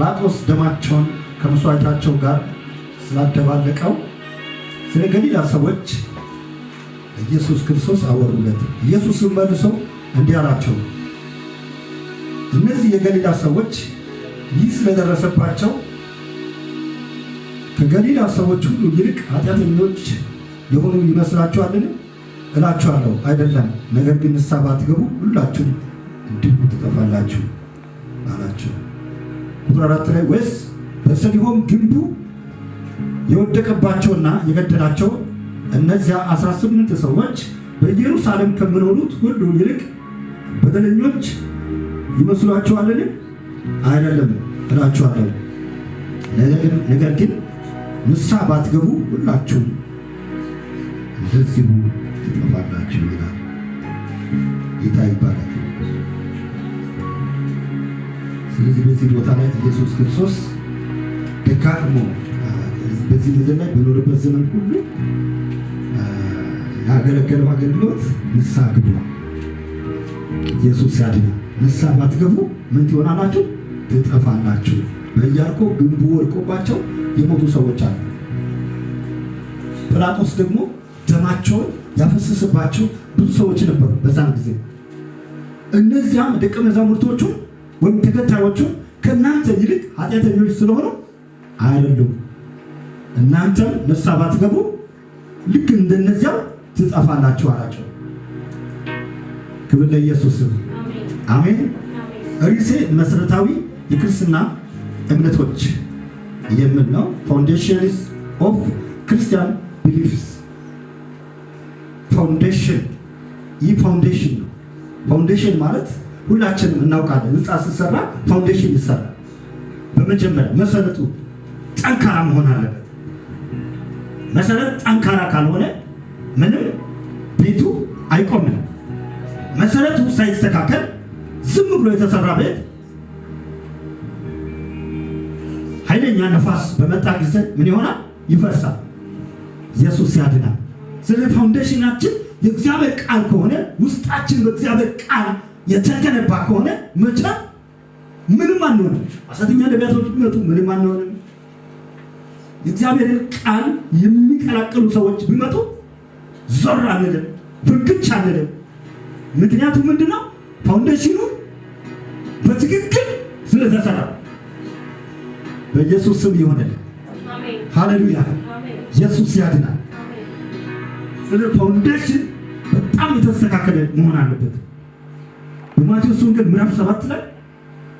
ጲላጦስ ደማቸውን ከመስዋዕታቸው ጋር ስላደባለቀው ስለ ገሊላ ሰዎች ኢየሱስ ክርስቶስ አወሩለት። ኢየሱስም መልሶ እንዲህ አላቸው፣ እነዚህ የገሊላ ሰዎች ይህ ስለደረሰባቸው ከገሊላ ሰዎች ሁሉ ይልቅ ኃጢአተኞች የሆኑ ይመስላችኋልን? እላችኋለሁ አይደለም። ነገር ግን ንስሐ ባትገቡ ሁላችሁ እንዲሁ ትጠፋላችሁ አላቸው። ቁጥር አራት ላይ ወይስ በሰሊሆም ግንቡ የወደቀባቸውና የገደላቸው እነዚያ አስራ ስምንት ሰዎች በኢየሩሳሌም ከምኖሩት ሁሉ ይልቅ በደለኞች ይመስሏችኋልን? አይደለም እላችኋለሁ። ነገር ግን ንስሐ ባትገቡ ሁላችሁም እንደዚሁ ትጠፋላችሁ ይላል ጌታ ይባላል። ስለዚህ በዚህ ቦታ ላይ ኢየሱስ ክርስቶስ ደካሞ በዚህ ምድር ላይ በኖርበት ዘመን ሁሉ ያገለገለው አገልግሎት ንስሐ ግቡ፣ ኢየሱስ ያድናል። ንስሐ ባትገቡ ምን ትሆናላችሁ? ትጠፋላችሁ። በኢያሪኮ ግንቡ ወድቆባቸው የሞቱ ሰዎች አሉ። ጲላጦስ ደግሞ ደማቸውን ያፈሰሰባቸው ብዙ ሰዎች ነበሩ በዛን ጊዜ። እነዚያም ደቀ መዛሙርቶቹ ወይም ተከታዮቹ ከእናንተ ይልቅ ኃጢአተኞች ስለሆኑ አይደሉም። እናንተም ንስሐ ባትገቡ ልክ እንደነዚያው ትጠፋላችሁ አላቸው። ክብር ለኢየሱስ አሜን። ርዕሴ መሰረታዊ የክርስትና እምነቶች የሚል ነው። ፋውንዴሽንስ ኦፍ ክርስቲያን ቢሊፍስ ፋውንዴሽን ይህ ፋውንዴሽን ነው። ፋውንዴሽን ማለት ሁላችንም እናውቃለን። ህንፃ ስትሰራ ፋውንዴሽን ይሰራል። በመጀመሪያ መሰረቱ ጠንካራ መሆን አለበት። መሰረት ጠንካራ ካልሆነ ምንም ቤቱ አይቆምም። መሰረቱ ሳይስተካከል ዝም ብሎ የተሰራ ቤት ኃይለኛ ነፋስ በመጣ ጊዜ ምን ይሆናል? ይፈርሳል። ኢየሱስ ያድናል። ስለዚህ ፋውንዴሽናችን የእግዚአብሔር ቃል ከሆነ ውስጣችን በእግዚአብሔር ቃል የተገነባ ከሆነ መቼ ምንም አንሆንም። ሐሰተኛ ነቢያቶች ቢመጡ ምንም አንሆንም። የእግዚአብሔርን ቃል የሚቀላቀሉ ሰዎች ቢመጡ ዞር አንልም፣ ብርግች አንልም። ምክንያቱም ምንድነው ፋውንዴሽኑ በትክክል ስለተሰራ በኢየሱስ ስም ይሆናል። ሃሌሉያ! ኢየሱስ ያድናል። ስለ ፋውንዴሽን በጣም የተስተካከለ መሆን አለበት። በማቴዎስ ወንጌል ምዕራፍ ሰባት ላይ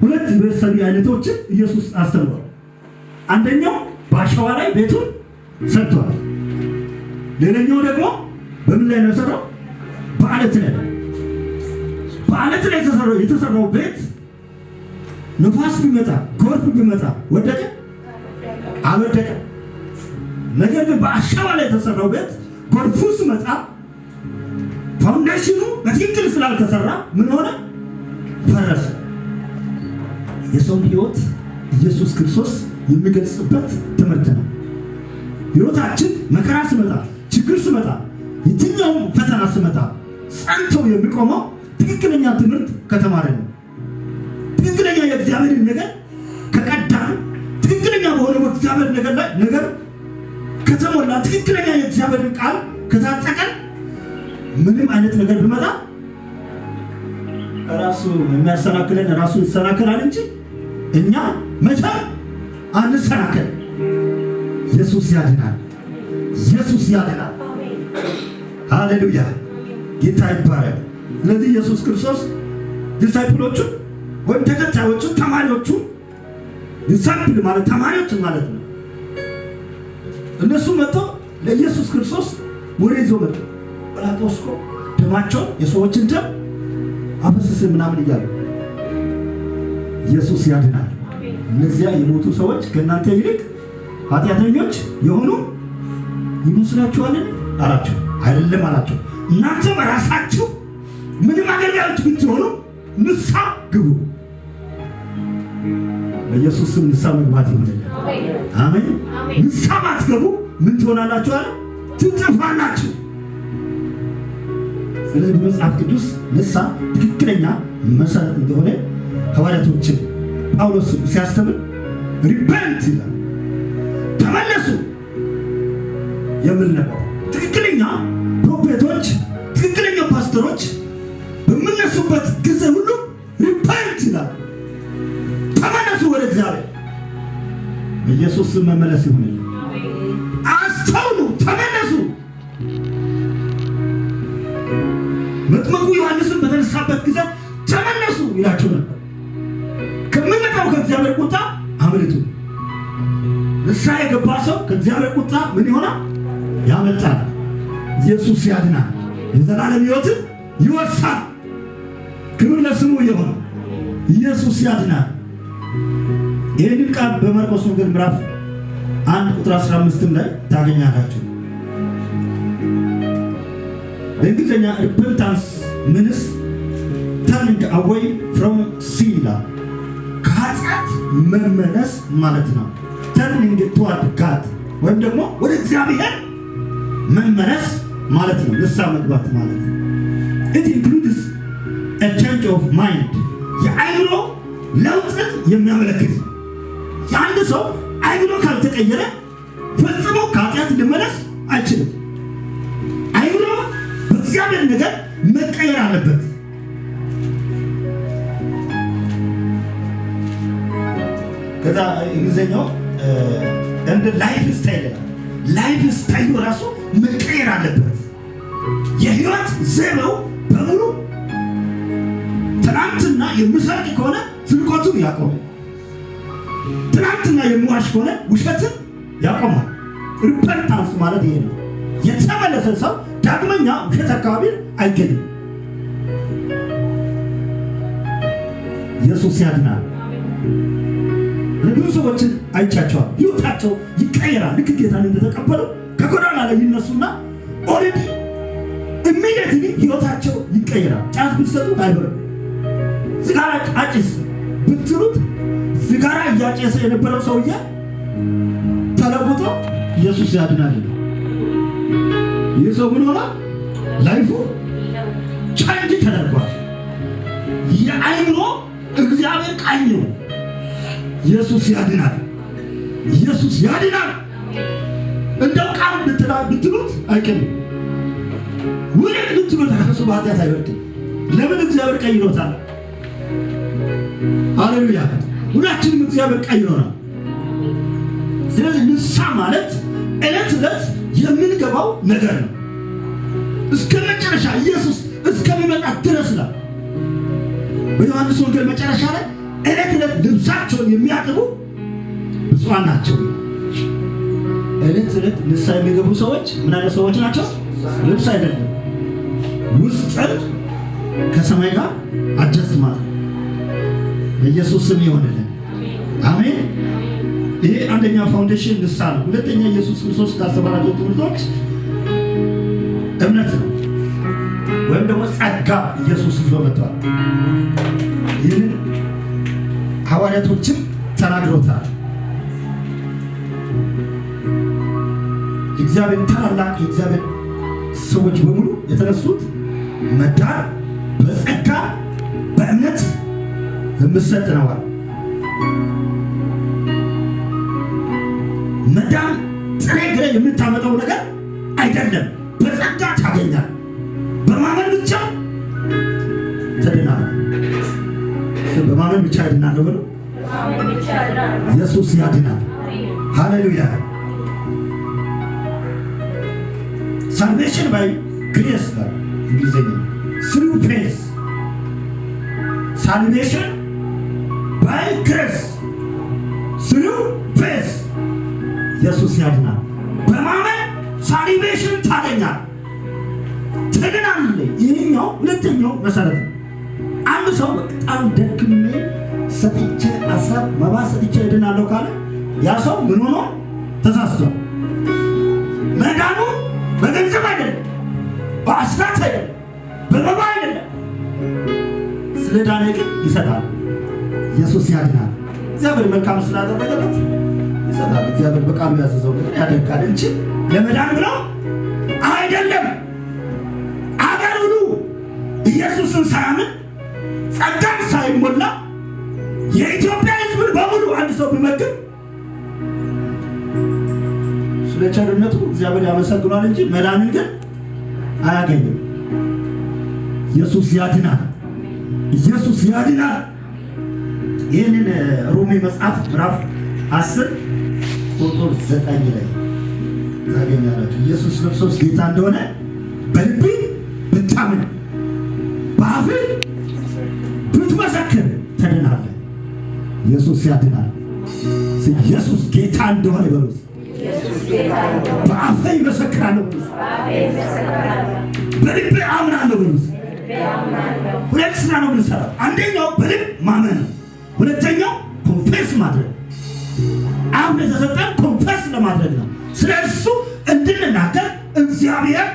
ሁለት የቤተሰብ አይነቶችን ኢየሱስ አስተምሯል። አንደኛው በአሸዋ ላይ ቤቱን ሰርቷል። ሌላኛው ደግሞ በምን ላይ ነው የሰራው? በአለት ላይ ነው። በአለት ላይ የተሰራው ቤት ንፋስ ቢመጣ ጎርፍ ቢመጣ ወደቀ አልወደቀ። ነገር ግን በአሸዋ ላይ የተሰራው ቤት ጎርፉ ሲመጣ ፋውንዴሽኑ በትክክል ስላልተሰራ ምን ሆነ? ፈረሱ። የሰውን ህይወት ኢየሱስ ክርስቶስ የሚገልጽበት ትምህርት ነው። ህይወታችን መከራ ስመጣ፣ ችግር ስመጣ፣ የትኛውም ፈተና ስመጣ ጸንተው የሚቆመው ትክክለኛ ትምህርት ከተማረ ነው። ትክክለኛ የእግዚአብሔርን ነገር ከቀዳ ትክክለኛ በሆነ እግዚአብሔር ነገር ላይ ነገር ከተሞላ ትክክለኛ የእግዚአብሔርን ቃል ከታጠቀን ምንም አይነት ነገር ብመጣ ራሱ የሚያሰናክለን ራሱ ይሰናከላል እንጂ እኛ መቻል አንሰናከል። ኢየሱስ ያድናል። ኢየሱስ ያድናል። ሃሌሉያ ጌታ ይባረክ። ስለዚህ ኢየሱስ ክርስቶስ ዲሳይፕሎቹን ወይም ተከታዮቹን ተማሪዎቹ ዲሳይፕል ማለት ተማሪዎችን ማለት ነው። እነሱ መጥቶ ለኢየሱስ ክርስቶስ ወሬ ይዘው መጡ። ጲላጦስ እኮ ደማቸውን የሰዎችን ደም አፈስስ ምናምን እያሉ ኢየሱስ ያድናል። እነዚያ የሞቱ ሰዎች ከእናንተ ይልቅ ኃጢአተኞች የሆኑ ይመስላችኋልን አላቸው። አይደለም አላቸው። እናንተም ራሳችሁ ምንም አገልጋዮች ብትሆኑ ንሳ ግቡ። በኢየሱስ ንሳ መግባት ይሆንልን። አሜን። ንሳ ማትገቡ ምን ትሆናላችሁ? አለ ለዚህ መጽሐፍ ቅዱስ ንስሐ ትክክለኛ መሰረት እንደሆነ ሐዋርያቶችን ጳውሎስ ሲያስተምር ሪፐንት ይላል ተመለሱ የምል ነበር። ትክክለኛ ፕሮፌቶች፣ ትክክለኛ ፓስተሮች በምነሱበት ጊዜ ሁሉ ሪፐንት ይላል ተመለሱ ወደ እግዚአብሔር። በኢየሱስ መመለስ ይሁንልን። በሚመጣበት ጊዜ ተመለሱ ይላችሁ ነበር። ከምመጣው ከእግዚአብሔር ቁጣ አምልጡ። ንስሐ የገባ ሰው ከእግዚአብሔር ቁጣ ምን ይሆናል? ያመልጣል። ኢየሱስ ያድናል፣ የዘላለም ሕይወትን ይወርሳል። ክብር ለስሙ ይሁን። ኢየሱስ ያድናል። ይህንን ቃል በመርቆስ ወንጌል ምዕራፍ አንድ ቁጥር 15 ላይ ታገኛላችሁ። በእንግሊዝኛ ሪፐንታንስ ምንስ turned away from sin ከኃጢአት መመለስ ማለት ነው። turning toward God ወይም ደግሞ ወደ እግዚአብሔር መመለስ ማለት ነው። ንስሐ መግባት ማለት ነው። it includes a change of mind የአእምሮ ለውጥን የሚያመለክት ነው። የአንድ ሰው አእምሮ ካልተቀየረ ፈጽሞ ከኃጢአት ሊመለስ አይችልም። አእምሮ በእግዚአብሔር ነገር መቀየር አለበት። ከዛ እንግሊዝኛው እንደ ላይፍ ስታይል ነው። ላይፍ ስታይሉ ራሱ መቀየር አለበት። የህይወት ዘመው በሙሉ ትናንትና የምሰርቅ ከሆነ ስርቆቱን ያቆማል። ትናንትና የምዋሽ ከሆነ ውሸትን ያቆማል። ሪፐንታንስ ማለት ይሄ ነው። የተመለሰ ሰው ዳግመኛ ውሸት አካባቢ አይገኝም። ኢየሱስ ያድናል። ብዙ ሰዎችን አይቻቸዋል። ህይወታቸው ይቀየራል። ልክ ጌታን እንደተቀበለው ከጎዳና ላይ ይነሱና ኦልሬዲ ኢሚዲየትሊ ህይወታቸው ይቀየራል። ጫት ብትሰጡት አይበርም። ሲጋራ አጭስ ብትሉት ሲጋራ እያጨሰ የነበረው ሰውዬ ተለውጦ ኢየሱስ ያድናል። ይህ ሰው ምን ሆነ? ላይፉ ቻንጅ ተደርጓል። የአይምሮ እግዚአብሔር ቃኝ ነው። ኢየሱስ ያድናል። ኢየሱስ ያድናል። እንደው ቃል ብትላ ብትሉት አይቀርም። ውደቅ ብትሉት ከሱ በኃጢአት አይወድቅም። ለምን እግዚአብሔር ቀይ ይኖታል። ሁላችንም እግዚአብሔር ቀይ ይኖራል። ስለዚህ ንስሐ ማለት ዕለት ዕለት የምንገባው ነገር ነው። እስከ መጨረሻ ኢየሱስ እስከሚመጣ ድረስ ላል በዮሐንስ ወንጌል መጨረሻ ላይ እለት እለት ልብሳቸውን የሚያጥቡ ብፁዓን ናቸው። እለት እለት ንስሐ የሚገቡ ሰዎች ምን አይነት ሰዎች ናቸው? ልብስ አይደለም ውስጥን ከሰማይ ጋር አጀስት ማለት በኢየሱስ ስም ይሆንልን። አሜን። ይሄ አንደኛ ፋውንዴሽን ንስሐ ነው። ሁለተኛ ኢየሱስ ክርስቶስ ካስተማራቸው ትምህርቶች እምነት ነው ወይም ደግሞ ጸጋ ኢየሱስ ይዞ መጥቷል። ሐዋርያቶችን ተናግሮታል። የእግዚአብሔር ታላላቅ የእግዚአብሔር ሰዎች በሙሉ የተነሱት መዳር በጸጋ በእምነት የምሰጥ ነዋል። መዳን ጥሬ ግሬ የምታመጣው ነገር አይደለም። ብቻ ያድናል ብሎ ኢየሱስ ያድናል። ሃሌሉያ ሳልቬሽን ባይ ግሬስ ነው እንግሊዝኛ ስሪ ፌስ ሳልቬሽን ባይ ግሬስ ስሪ ፌስ ኢየሱስ ያድናል። በማመን ሳልቬሽን ታገኛል፣ ትድናል። ይህኛው ሁለተኛው መሰረት ነው። ሰው በጣም ደክሜ ሰጥቼ አስራት መባ ሰጥቼ እድናለሁ ካለ ያ ሰው ምን ሆኖ ተሳስቷል። መዳኑ በገንዘብ አይደለም፣ በአስራት አይደለም፣ በመባ አይደለም። ስለ ዳነ ግን ይሰጣል። ኢየሱስ ያድናል። እግዚአብሔር መልካም ስላደረገለት ይሰጣል። እግዚአብሔር በቃሉ ያዘዘው ያደርጋል እንጂ ለመዳን ብለው አይደለም። አገር ሁሉ ኢየሱስን ሳያምን ጸጋን ሳይሞላ የኢትዮጵያ ሕዝብን በሙሉ አንድ ሰው ቢመግብ ስለ ቸርነቱ እግዚአብሔር ያመሰግኗል እንጂ መዳንን ግን አያገኝም። ኢየሱስ ያድናል። ኢየሱስ ያድናል። ይህንን ሮሜ መጽሐፍ ምዕራፍ አስር ቁጥር ዘጠኝ ላይ ታገኛላችሁ። ኢየሱስ ክርስቶስ ጌታ እንደሆነ በልብ ብታምን ኢየሱስ ያድናል። ኢየሱስ ጌታ እንደሆነ በሉት። በአፌ ይመሰክራለሁ በልቤ አምናለሁ በሉት። ሁለት ስራ ነው የምንሰራው። አንደኛው በልብ ማመን ነው። ሁለተኛው ኮንፌስ ማድረግ አሁን የተሰጠን ኮንፌስ ለማድረግ ነው። ስለ እሱ እንድንናገር እግዚአብሔር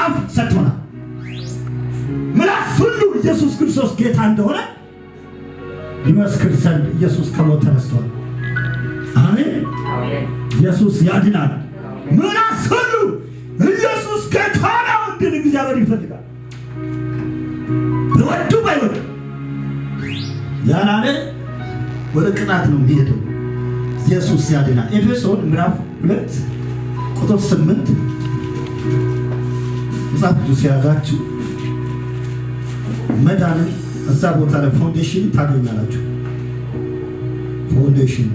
አፍ ሰጥቶናል። ምላስ ሁሉ ኢየሱስ ክርስቶስ ጌታ እንደሆነ ይመስክር ዘንድ ኢየሱስ ከሞት ተነስቷል። አሜን። ኢየሱስ ያድናል። ምን አሰሉ ኢየሱስ ጌታ ነው እንድን እግዚአብሔር ይፈልጋል። በወዱ ባይወድ ያላለ ወደ ቅጣት ነው የሚሄደው። ኢየሱስ ያድናል። ኤፌሶን ምዕራፍ ሁለት ቁጥር ስምንት መጽሐፍ ቅዱስ የያዛችሁ መዳንን እዛ ቦታ ላይ ፋውንዴሽን ታገኛላችሁ። ፋውንዴሽን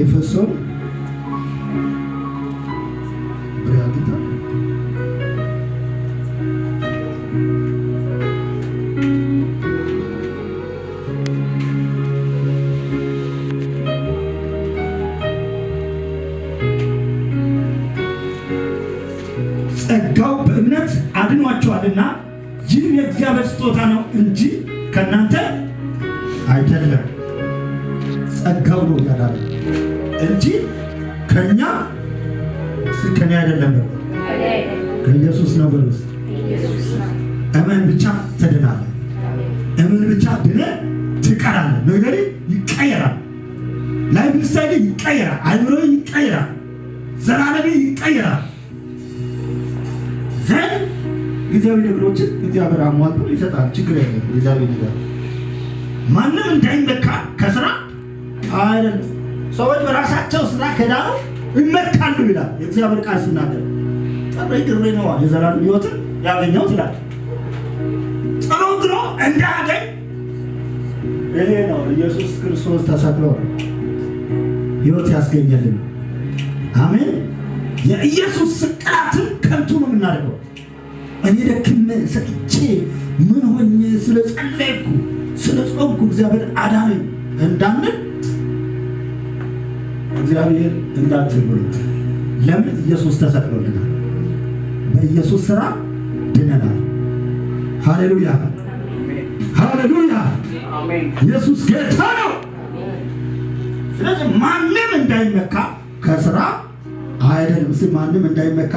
ኤፌሶን ስጦታ ነው እንጂ ከእናንተ አይደለም። ጸጋው ነው ይላል እንጂ ከእኛ ከኔ አይደለም ነው ከኢየሱስ ነው ብሎ እመን ብቻ ተድናለ። እመን ብቻ ድነ ትቀራለ። ነገሬ ይቀየራል። ላይፍ ስታይል ይቀየራል። አይምሮ ይቀየራል። ዘራረቤ ይቀየራል ዘን ጊዜያዊ ነገሮችን እግዚአብሔር አሟልቶ ይሰጣል። ችግር ያለ እግዚአብሔር ነገር ማንም እንዳይመካ ከስራ አይደለም። ሰዎች በራሳቸው ስራ ከዳሩ ይመካሉ ይላል የእግዚአብሔር ቃል ሲናገር፣ ጥሬ ግሬ ነዋ የዘላለም ህይወትን ያገኘሁት ይላል። ጥሩ ግሮ እንዳያገኝ ይሄ ነው ኢየሱስ ክርስቶስ ተሰቅሎ ህይወት ያስገኘልን። አሜን። የኢየሱስ ስቅላትን ከንቱ ነው የምናደርገው እኔ ደክም ሰጥቼ ምን ሆኜ ስለ ጸለይኩ ስለ ጾምኩ እግዚአብሔር አዳነኝ እንዳምን እግዚአብሔር እንዳትል ብሎ ለምን ኢየሱስ ተሰቅሎልናል። በኢየሱስ ስራ ድነናል። ሃሌሉያ ሃሌሉያ! ኢየሱስ ጌታ ነው። ስለዚህ ማንም እንዳይመካ ከስራ አይደለም። እስኪ ማንም እንዳይመካ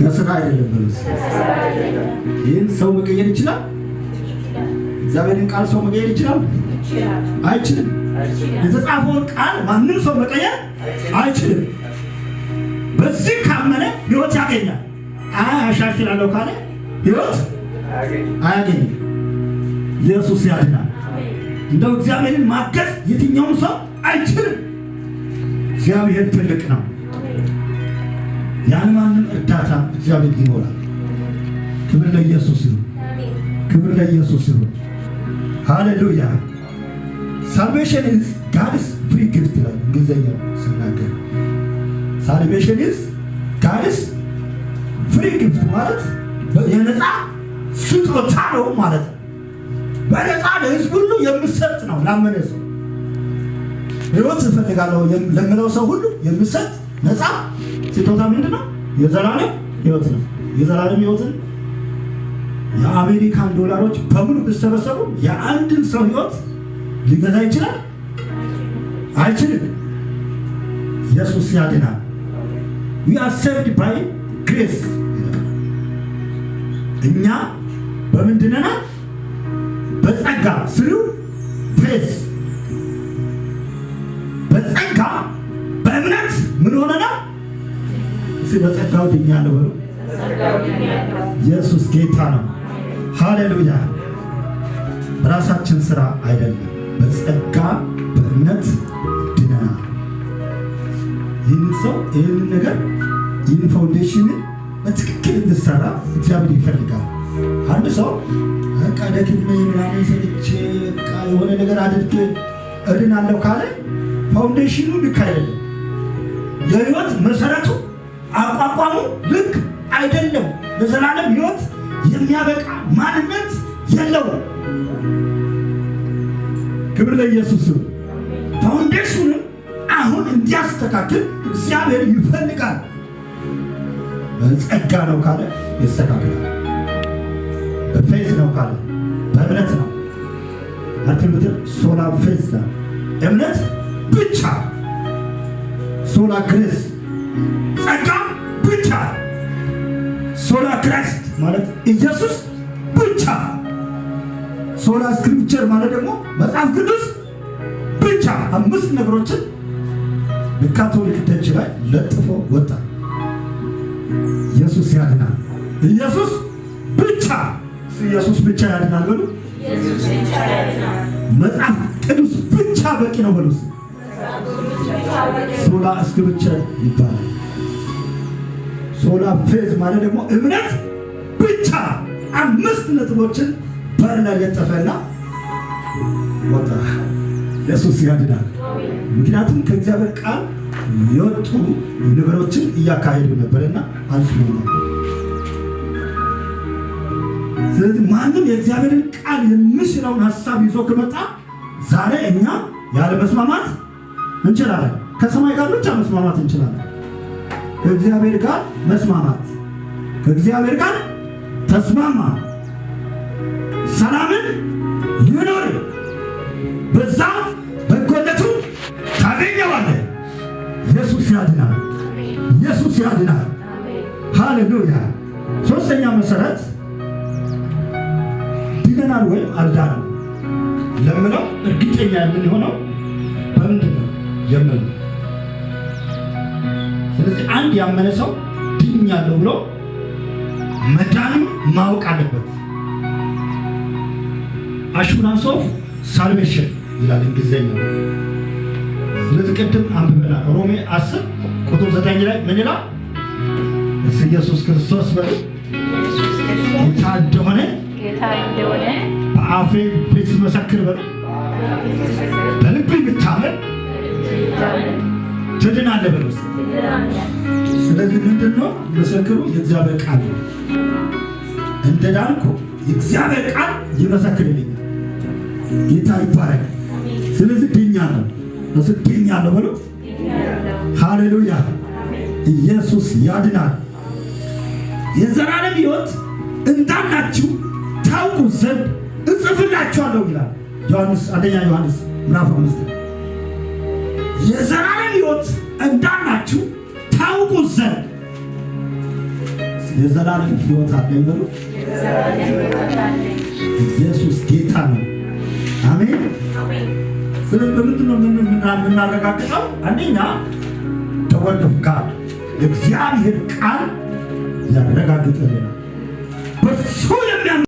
ከስራ አይደለም በሉስ። ይህን ሰው መቀየር ይችላል? እግዚአብሔርን ቃል ሰው መቀየር ይችላል? አይችልም። የተጻፈውን ቃል ማንም ሰው መቀየር አይችልም። በዚህ ካመነ ህይወት ያገኛል። አሻሽላለሁ ካለ ህይወት አያገኝም። ኢየሱስ ያድናል። እንደው እግዚአብሔርን ማገዝ የትኛውም ሰው አይችልም። እግዚአብሔር ትልቅ ነው። ያለማንም እርዳታ እግዚአብሔር ይኖራል። ክብር ለኢየሱስ ይሁን። ክብር ለኢየሱስ ይሁን። ሃሌሉያ ሳልቬሽን ኢዝ ጋድስ ፍሪ ጊፍት ላይ እንግሊዝኛ ስናገር። ሳልቬሽን ኢዝ ጋድስ ፍሪ ጊፍት ማለት የነፃ ስጦታ ነው ማለት ነው። በነፃ ለህዝብ ሁሉ የምሰጥ ነው። ላመነ ሰው ህይወት እፈልጋለሁ ለምለው ሰው ሁሉ የምሰጥ ነፃ ስጦታ ምንድን ነው? የዘላለም ህይወት ነው። የዘላለም ህይወትን የአሜሪካን ዶላሮች በሙሉ ብሰበሰቡ የአንድን ሰው ህይወት ሊገዛ ይችላል? አይችልም። ኢየሱስ ያድናል። ዊ አር ሴቭድ ባይ ግሬስ። እኛ በምንድን ነን? በጸጋ ስሩ ፕሬስ በጸጋ በእምነት ምን ሆነናል? እስቲ በጸጋው ድኛለሁ በሉ። ኢየሱስ ጌታ ነው። ሃሌሉያ። በራሳችን ስራ አይደለም፣ በጸጋ በእምነት ድነናል። ይህንን ሰው ይህንን ነገር ይህን ፋውንዴሽንን በትክክል እንድሰራ እግዚአብሔር ይፈልጋል። አንድ ሰው በቃ ደግሜ ምናምን ሰጥቼ የሆነ ነገር አድርጌ እድናለሁ ካለ ፋውንዴሽኑ ልክ አይደለም። የህይወት መሰረቱ አቋቋሙ ልክ አይደለም። ለዘላለም ሕይወት የሚያበቃ ማንነት የለው። ክብር ለኢየሱስ። ፋውንዴሽኑን አሁን እንዲያስተካክል እግዚአብሔር ይፈልጋል። በጸጋ ነው ካለ ይስተካከላል። በፌዝ ነው ካለ በእምነት ነው አትምትል ሶላ ፌዝ ነው እምነት ብቻ ሶላ ግሬስ ጸጋ ብቻ ሶላ ክራይስት ማለት ኢየሱስ ብቻ። ሶላ ስክሪፕቸር ማለት ደግሞ መጽሐፍ ቅዱስ ብቻ። አምስት ነገሮችን በካቶሊክ ደጅ ላይ ለጥፎ ወጣ። ኢየሱስ ያድናል። ኢየሱስ ብቻ ኢየሱስ ብቻ ያድናል በሉ። መጽሐፍ ቅዱስ ብቻ በቂ ነው በሉ። ሶላ ስክሪፕቸር ይባላል። ሶላ ፌዝ ማለት ደግሞ እምነት ብቻ አምስት ነጥቦችን በር ላይ ለጠፈና ወጣ። ኢየሱስ ያድናል። ምክንያቱም ከእግዚአብሔር ቃል የወጡ ነገሮችን እያካሄዱ ነበርና አልፍ ነው። ስለዚህ ማንም የእግዚአብሔርን ቃል የምሽለውን ሀሳብ ይዞ ከመጣ ዛሬ እኛ ያለ መስማማት እንችላለን። ከሰማይ ጋር ብቻ መስማማት እንችላለን። ከእግዚአብሔር ጋር መስማማት፣ ከእግዚአብሔር ጋር ተስማማ፣ ሰላምን ይኖር። በዛ በጎነቱ ታገኘዋለህ። ኢየሱስ ያድናል። ኢየሱስ ያድናል። ሃሌሉያ። ሶስተኛ መሰረት ድነናል ወይም አልዳንም ለምለው እርግጠኛ የምንሆነው በምንድን ነው የምንለው ስለዚህ አንድ ያመነ ሰው ድኛለሁ ብሎ መዳኑን ማወቅ አለበት። አሹራንስ ኦፍ ሳልቬሽን ይላል እንግሊዝኛ። ስለዚህ ቅድም አንብበና ሮሜ 10 ቁጥር 9 ላይ ምን ይላል? እስ ኢየሱስ ክርስቶስ በሉ ጌታ እንደሆነ በአፌ ብትመሰክር በሉ በልብ ብታምን ትድናለህ በሉ ስለዚህ ምንድን ነው ምስክሩ? የእግዚአብሔር ቃል ነው። እንደ ዳንኩ የእግዚአብሔር ቃል ይመሰክርልኛል። ጌታ ይባረክ። ስለዚህ ድኛለሁ፣ እሱ ድኛለሁ ሃሌሉያ። ኢየሱስ ያድናል። የዘላለም ሕይወት እንዳላችሁ ታውቁ ዘንድ እጽፍላችኋለሁ ይላል ዮሐንስ አንደኛ ዮሐንስ ምዕራፍ አምስት የዘላለም ሕይወት እንዳላችሁ ታውቁ ዘንድ የዘላለም ሕይወት አለኝ ብሎ ኢየሱስ ጌታ ነው። አሜን። ስለዚህ በምንድን ነው የምናረጋግጠው? አንደኛ ተወልድ ቃል የእግዚአብሔር ቃል ያረጋግጠልናል። በሱ የሚያ